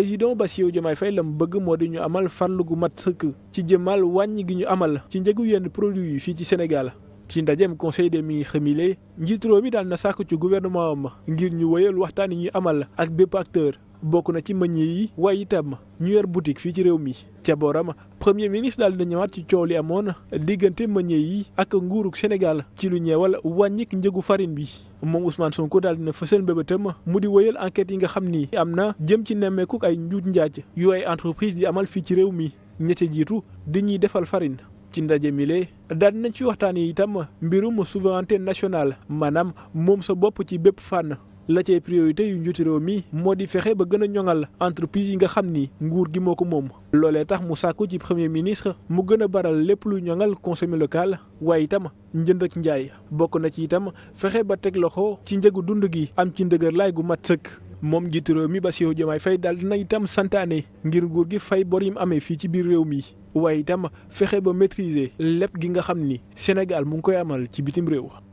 président Bassirou Diomaye fay la mu bëgg moo di ñu amal farlu gu mat sëkk ci jëmal wàññi gi ñu amal ci njëgu yenn produits yi fii ci Sénégal ci ndajeem conseil de ministres mi lee njiit réew mi daal na sàkku ci gouvernement ma ngir ñu wéyal waxtaan yi ñu amal la ak bépp acteur bokk na ci meññe yi waaye itam ñu yor boutique fii ci réew mi ca booram premier ministre daal dina ñëwaat ci coow li amoon diggante meññe yi ak nguurug Sénégal ci lu ñeewal wàññik njëgu farine bi moom Ousmane Sonko daal dina fësal mbébétam mu di wéyal enquête yi nga xam ni am na jëm ci nemmeekuk ay njuuj njaaj yu ay entreprise di amal fii ci réew mi ña ca jiitu di ñuy defal farine. ci ndaje mi lee daal dinañ ci waxtaan yi itam mbirum souveraineté nationale maanaam moom sa bopp ci bépp fànn. la cay priorité yu njiitu réew mi moo di fexe ba gën a ñoŋal entreprise yi nga xam ni nguur gi moo ko moom loolee tax mu sàkku ci premier ministre mu gën a baral lépp luy ñoŋal consommé local waaye itam njënd ak njaay bokk na ci itam fexe ba teg loxo ci njëgu dund gi am ci ndëgër laay gu mat sëkk moom njiitu réew mi Bassirou Diomaye Faye daal dina itam santaane ngir nguur gi fay bor yi mu amee fii ci biir réew mi waaye itam fexe ba maîtriser lépp gi nga xam ni Sénégal mu ngi koy amal ci bitim réew